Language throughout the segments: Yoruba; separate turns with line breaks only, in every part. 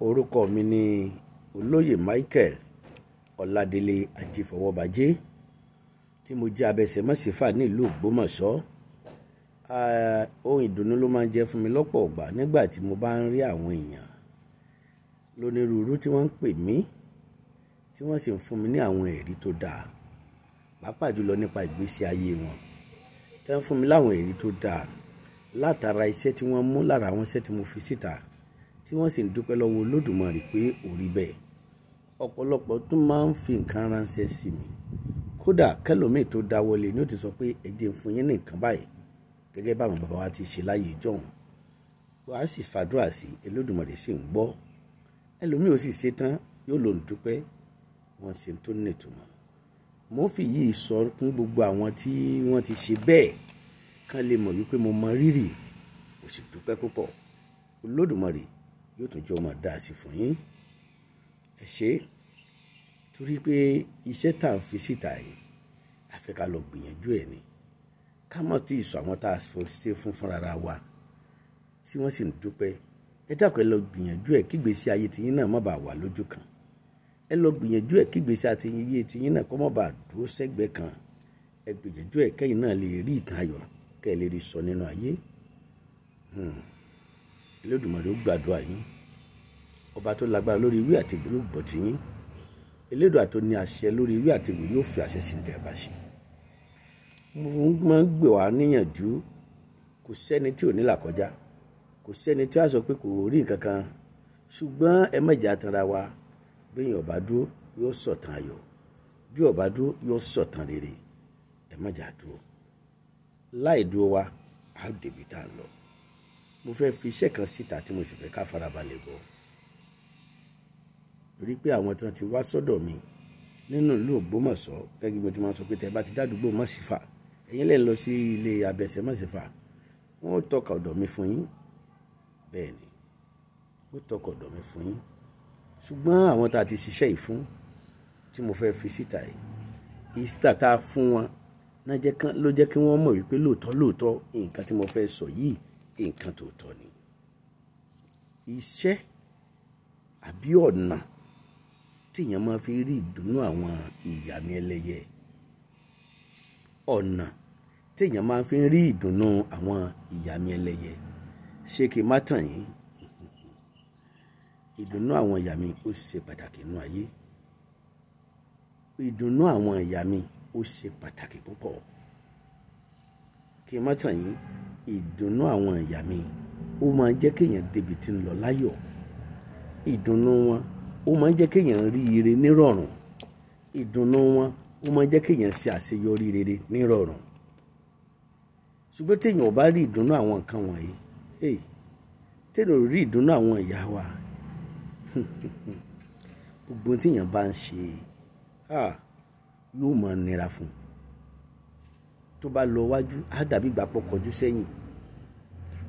orúkọ mi ni olóyè Michael Ọládélé Ajífọwọ́bajé tí mo jẹ́ abẹsẹ̀mọ́sífà nílùú Ògbómọ̀ṣọ́ ohun ìdùnnú ló máa ń jẹ́ fún mi lọ́pọ̀ ọ̀gbà nígbà tí mo bá ń rí àwọn èèyàn lónírúurú tí wọ́n ń pè mí tí wọ́n sì ń fún mi ní àwọn ẹ̀rí tó dáa pàápàá jùlọ nípa ìgbésí ayé wọn tí wọ́n fún mi láwọn ẹ̀rí tó dáa látara iṣẹ́ tí wọ́n mú lára àwọn iṣẹ́ tí mo fi síta. Si tí wọ́n sì ń dúpẹ́ lọ́wọ́ olódùmarè pé ó rí bẹ́ẹ̀ ọ̀pọ̀lọpọ̀ tún máa ń fi nǹkan ránṣẹ́ sí mi kódà kẹlòmíì tó dáwọ́lé ni ó ti sọ pé ẹ jẹ́ n fún yín ní nǹkan báyìí gẹ́gẹ́ báwọn bàbá wa ti ṣe láyé ìjọ́un wàá sì fàdúrà sí olódùmarè sì ń gbọ́ ẹlòmíì ò sì ṣe tán yóò lòun dúpẹ́ wọ́n ṣe tó nítumọ̀ mo fi yìí sọ fún gbogbo àwọn tí wọ́n ti ṣe bẹ́ẹ̀ kán lè mọ̀ wípé mo mọ rírì mo dúpẹ́ púpọ̀ olódùmarè yóò tún jẹ́ ọmọ dáa sí fún yín ẹ ṣe torí pé iṣẹ́ tá à ń fi síta yìí àfi ká lọ gbìyànjú ẹ̀ ni ká mọ̀ tí ìsọ àwọn tá a ṣe fún fúnra wa tí wọ́n sì ń dúpẹ́ ẹ dákun ẹ lọ gbìyànjú ẹ̀ kígbésí ayé tiyín náà má bàa wà lójú kan ẹ lọ gbìyànjú ẹ̀ kígbésí ayé tiyín náà kó má bàa dúró sẹ́gbẹ̀ẹ́ kan ẹ gbìyànjú ẹ̀ kẹ́yìn náà lè rí ìtàn ayọ̀ kẹ́ ẹ lè rí sọ nínú ayé hmm. Elédùmarè ó gbàdúrà yín ọba tó lágbára lórí ìwé àti ìgbò yóò gbọ́ ti yín Elédùà tó ní àṣẹ lórí ìwé àti ìgbò yóò fi àṣẹ sí ní tẹ̀bá ṣe mo máa ń gbè wá níyànjú kò sẹ́ni tí ò ní làkọjá kò sẹ́ni tí a sọ pé kò rí nǹkan kan ṣùgbọ́n ẹ mẹ́jà tanra wa bẹ́yìn ọba dúró yóò sọ̀tàn ayọ̀ bí ọba dúró yóò sọ̀tàn rere ẹ mẹ́jà dúró láì dúró wa á débi tá a lọ mo fẹ́ fi iṣẹ́ kan síta tí mo sì fẹ́ ká farabalẹ̀ gbọ́ torí pé àwọn tí wọ́n ti wá sọ́dọ̀ mi nínú ìlú Ògbómọ̀ṣọ́ gẹ́gẹ́ bí mo ti máa sọ pé tẹ́ bá ti dádúgbò Mọ̀sífà ẹ̀yin lè lọ sí ilé abẹ́sẹ̀ Mọ̀sífà wọ́n ó tọ́ka ọ̀dọ̀ mi fún yín bẹ́ẹ̀ ni ó tọ́ka ọ̀dọ̀ mi fún yín ṣùgbọ́n àwọn tá a ti ṣiṣẹ́ yìí fún tí mo fẹ́ fi síta yìí ìsítà tá a fún wọn ló jẹ́ kí wọ́n mọ̀ wípé lóòótọ́ lóòótọ́ nǹkan tí mo fẹ́ sọ yìí nǹkan tòótọ́ ni iṣẹ́ àbí ọ̀nà tí èèyàn máa fi rí ìdùnnú àwọn ìyàmì ẹlẹ́yẹ ọ̀nà tí èèyàn máa fi rí ìdùnnú àwọn ìyàmì ẹlẹ́yẹ ṣé kí n má tàn yín ìdùnnú àwọn ìyàmì ó ṣe pàtàkì nínú ayé ìdùnnú àwọn ìyàmì ó ṣe pàtàkì púpọ̀ kí n má tàn yín ìdùnnú àwọn ìyàmì ó máa jẹ́ kéèyàn débi tí ń lọ láyọ̀ ìdùnnú wọn ó máa ń jẹ́ kéèyàn rí ire nírọ̀rùn ìdùnnú wọn ó máa ń jẹ́ kéèyàn ṣe àṣeyọrí rere nírọ̀rùn ṣùgbọ́n téèyàn ò bá rí ìdùnnú àwọn nǹkan wọ̀nyí téèyàn ò rí ìdùnnú àwọn ìyá wa gbogbo téèyàn bá ń ṣe ah, yóò máa nira fún un tó bá lọ wájú á dàbí ìgbà pọ̀ kọjú sẹ́yìn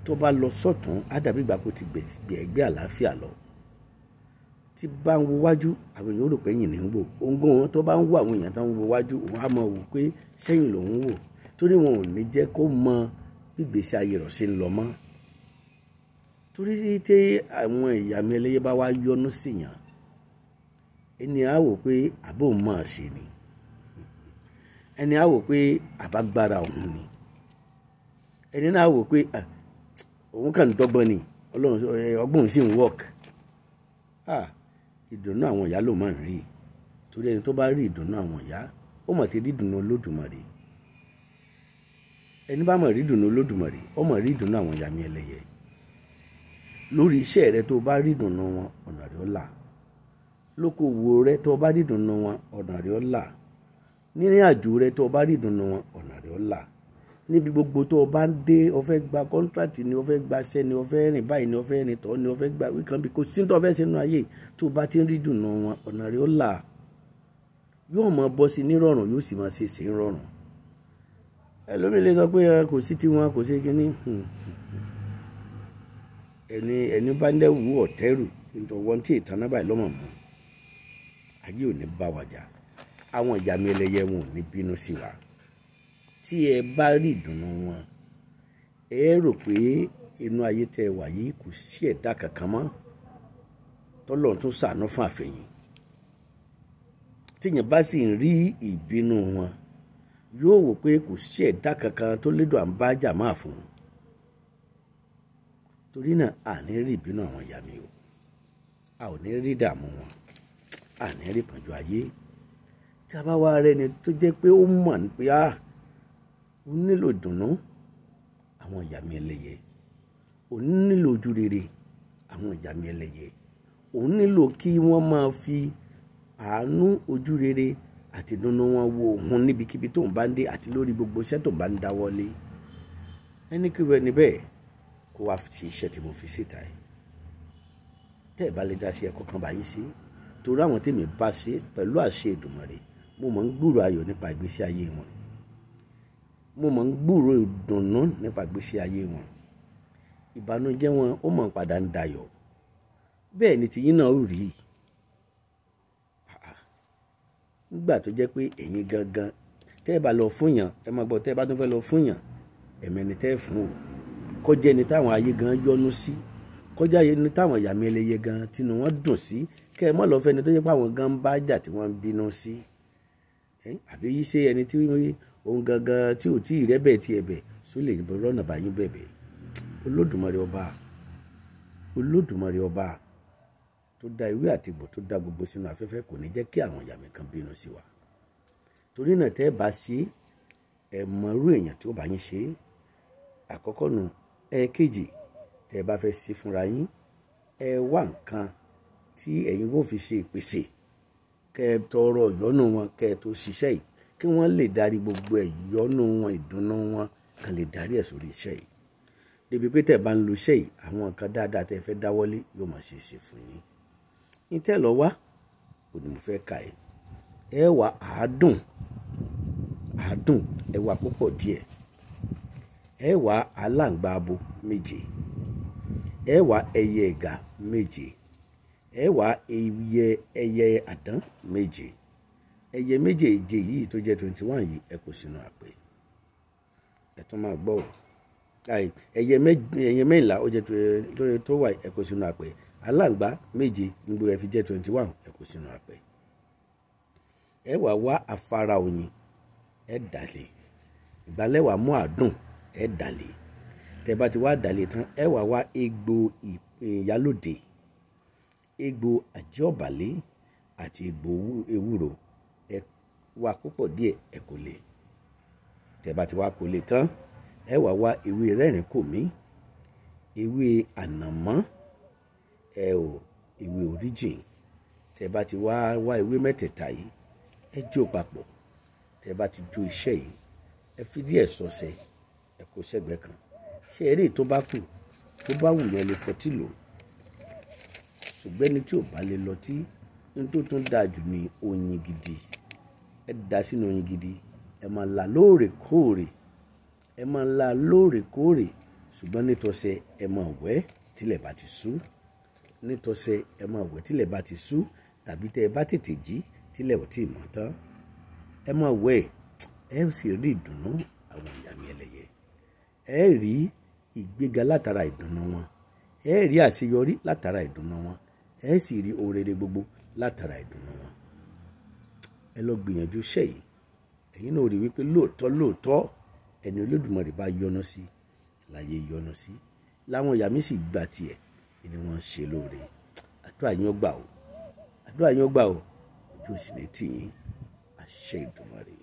tó bá lọ sọ́tún á dàbí ìgbà pọ̀ ti gbẹ̀gbẹ́ àlàáfíà lọ tí bá ń wo wájú àwọn èèyàn ò rò pé ẹ̀yìn ní ń wò òǹgàn wọn tó bá ń wo àwọn èèyàn tó ń wo wájú òun á mọ wò pé sẹ́yìn lòun wò torí wọn ò ní jẹ́ kó mọ gbígbèsè ayé rẹ̀ ṣe ń lọ mọ́ torí tí àwọn ìyá mi ẹlẹ́yẹ bá wá yọnu sí yàn ẹni á wò pé àbó mọ̀ ọ́ ṣe ni ẹni á wò pé àbágbára òun ni ẹni náà wò pé òun kàn ń dọ́gbọ́n ni ọlọ́run ọgbọ́n sì ń wọ́ọ̀kì ìdùnnú àwọn ìyá ló máa ń rí torí ẹni tó bá rí ìdùnnú àwọn ìyá ó mọ̀ sí rí ìdùnnú olódùmarè ẹni bá mọ̀ rí ìdùnnú olódùmarè ó mọ̀ rí ìdùnnú àwọn ìyá mi ẹlẹ́yẹ lórí iṣẹ́ rẹ tó bá rí ìdùnnú wọn ọ̀nà rẹ ó là lókòwò rẹ tó bá rí ìdùnnú wọn ọ̀nà rẹ ó là nírìn àjò rẹ tó bá rí ìdùnnú wọn ọ̀nà rẹ ó là níbi gbogbo tó o bá ń dé o fẹ́ gba kọ́ńtrátì ni o fẹ́ gba iṣẹ́ ni o fẹ́ rìn báyìí ni o fẹ́ rìn tọ́ ni o fẹ́ gba wíkan bí kò sí tó o fẹ́ sínú ayé tó o bá ti ń rí dùnà wọn ọ̀nà rẹ̀ ó là yóò mọ bọ́ sí nírọ̀rùn yóò sì máa ṣe sí rọ̀rùn ẹlòmíì lè sọ pé kò sí tiwọn kò sí kínní hmm. ẹni ẹni bá ń dẹ́wù ọ̀tẹ́rù wọn tí ìtàn náà báyìí lọ́mọ mọ́ ayé ò ní bá wàjà àwọn ìjà wa tí ẹ bá rí ìdùnnú wọn ẹ rò pé inú ayé tẹ wà yìí kò sí ẹ̀dá kankan mọ́ tọ́lọ́run tó ṣàánú fún àfẹ̀yìn tíyẹn bá sì ń rí ìbínú wọn yóò wò pé kò sí ẹ̀dá kankan tó lédò à ń bá jà máa fún torí náà àní rí ìbínú àwọn ìyá mi o a ò ní rí ìdààmú wọn àní rí ìpọ́njú ayé tí a bá wá rẹni tó jẹ́ pé ó mọ̀ ní pé ah ó nílò ìdùnnú àwọn ìyá mi ẹlẹ́yẹ ó nílò ojú rere àwọn ìyá mi ẹlẹ́yẹ ó nílò kí wọ́n máa fi àánú ojú rere àti ìdùnnú wọn wo òun níbikíbi tó ń bá ń dé àti lórí gbogbo iṣẹ́ tó ń bá ń dáwọ́ lé ẹnikíwẹ níbẹ̀ kó wá ṣe iṣẹ́ tí mo fi síta ẹ̀ tẹ́ ẹ̀ bá lè dá sí ẹ̀kọ́ kan báyìí sí torí àwọn tèmi bá ṣe pẹ̀lú àṣẹ Èdùmàrè mo mọ̀ ń gbúrò ayọ̀ nípa ìgbésí ayé wọn mo mọ̀ ń gbúrò ìdùnnú nípa gbèsè ayé wọn ìbànújẹ́ wọn ó mọ̀ ń padà ń dayọ̀ bẹ́ẹ̀ ni tiyín náà ò rí nígbà tó jẹ́ pé ẹ̀yin gangan tẹ́ ẹ bá lọ fún yàn ẹ máa gbọ́ tẹ́ ẹ bá tún fẹ́ lọ fún yàn ẹ̀mí ni tẹ́ ẹ fún o kọjá ẹni táwọn ayé gan yọ́nú sí kọjá ẹni táwọn ìyàmí ẹlẹ́yẹ gan tinú wọn dùn sí kẹ́ ẹ mọ́ lọ ẹni tó jẹ́ pé àwọn gan bá jà tí wọ́n bínú sí àbí yí ṣe ẹni tí wọ́n ohun gangan tí ò tí ì rẹ́bẹ̀ tí ẹ̀bẹ̀ sólè rọ́nà báyọ̀ bẹ̀bẹ̀ olódùmarè ọba olódùmarè ọba tó dá ewé àtìgbò tó dá gbogbo sínú afẹ́fẹ́ kò ní jẹ́ kí àwọn ìyàmì kan bínú sí wa torí náà tẹ́ ẹ bá ṣe ẹ mọ irú èèyàn tí ó bá yín ṣe àkọ́kọ́ nu ẹ̀ẹ̀kejì tẹ́ ẹ bá fẹ́ ṣe fúnra yín ẹ wá nǹkan tí ẹ̀yin kò fi ṣe ìpèsè kẹ́ ẹ tọrọ ìyọ́nú wọn kẹ́ ẹ tó ṣiṣẹ́ yìí kí wọ́n lè darí gbogbo ẹ̀yọ́nú wọn ìdùnnú wọn kan lè darí ẹ̀ sórí iṣẹ́ yìí débi pé tẹ̀ bá ń lo iṣẹ́ yìí àwọn nǹkan dáadáa tẹ́ fẹ́ dáwọ́lé yóò máa ṣe é ṣe fún yín ìtẹ́ lọ wá kò ní mo fẹ́ kà ẹ́ ẹ wà àádùn àádùn ẹ wà púpọ̀ díẹ̀ ẹ wà aláǹgbá méje ẹ wà ẹyẹ ẹ̀gà méje ẹ wà ẹyẹ ẹyẹ àdán méje ẹyẹ méjèèje yìí tó jẹ́ twenty one yìí ẹ kò sínú àpè ẹ tún máa gbọ́ ẹyẹ mẹ́ńlá ó jẹ́ tó wà ẹ kò sínú àpè aláǹgbá méje níbo ẹ fi jẹ́ twenty one ẹ kò sínú àpè ẹ wá wá afárá oyin ẹ dàlẹ̀ ìgbàlẹ́wà mú àdùn ẹ dàlẹ̀ tẹ bá ti wá dàlẹ̀ tán ẹ wá wá egbò ìyálòdè egbò àjọbàlẹ̀ àti egbò ewúro. E wa púpọ̀ díẹ̀ ẹ kò lè tẹ́ bá ti wá kò lè tán ẹ wá wá ewé rẹ́rìn kò mí ewé ànàmọ́ ẹ ò ewé oríjìn tẹ́ bá ti wá wá ewé mẹ́tẹ̀ẹ̀ta yìí ẹ jó papọ̀ tẹ́ bá jó iṣẹ́ yìí ẹ fi díẹ̀ sọ̀sẹ̀ ẹ kó sẹ́gbẹ̀ẹ́ kan ṣé eré tó bá kù tó bá wù yẹn lè fọtí lò ṣùgbọ́n tí ò bá lè lọ tí dáa jù ní oyin gidi ẹ dà sínú oyin gidi ẹ máa la lóòrèkóòrè ẹ máa là lóòrèkóòrè ṣùgbọ́n nítọ́sẹ̀ ẹ máa wẹ̀ tílẹ̀ bá ti sú nítọ́sẹ̀ ẹ máa wẹ̀ tílẹ̀ bá ti sú tàbí tẹ́ ẹ bá tètè jí tílẹ̀ ò tí ì mọ́ tán ẹ máa wẹ̀ ẹ sì rí ìdùnnú àwọn ìyàmì ẹlẹ́yẹ ẹ rí ìgbéga látara ìdùnnú wọn ẹ rí àṣeyọrí látara ìdùnnú wọn ẹ sì rí oore gbogbo látara ìdùnnú wọn ẹ lọ gbìyànjú iṣẹ́ yìí ẹ̀yin náà rí wípé lóòótọ́ lóòótọ́ ẹni Olódùmarè bá yọ́nú sí láyé yọ́nú sí láwọn ìyá mi sì gbà tiẹ̀ ni wọ́n ń ṣe lóore àdúrà yín ó gbà o àdúrà yín ó gbà o ojú òsì ní tì yín àṣẹ Ìdùmarè.